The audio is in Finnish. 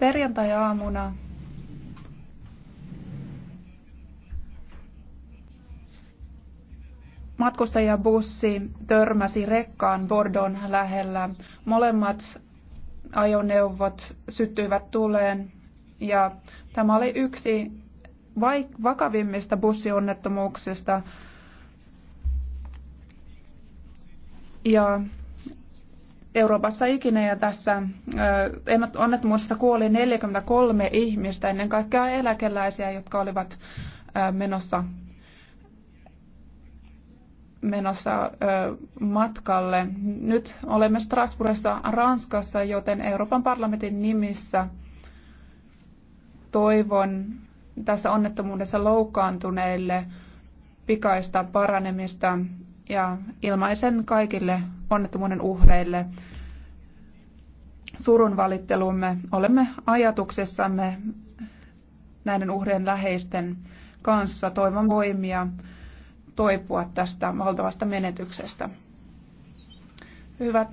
Perjantai-aamuna matkustajabussi törmäsi rekkaan Bordon lähellä. Molemmat ajoneuvot syttyivät tuleen ja tämä oli yksi vakavimmista bussionnettomuuksista. Ja Euroopassa ikinä ja tässä onnettomuudessa kuoli 43 ihmistä, ennen kaikkea eläkeläisiä, jotka olivat menossa, menossa matkalle. Nyt olemme Strasbourgissa Ranskassa, joten Euroopan parlamentin nimissä toivon tässä onnettomuudessa loukkaantuneille pikaista paranemista ja ilmaisen kaikille onnettomuuden uhreille surun valittelumme. Olemme ajatuksessamme näiden uhrien läheisten kanssa toivon voimia toipua tästä valtavasta menetyksestä. Hyvät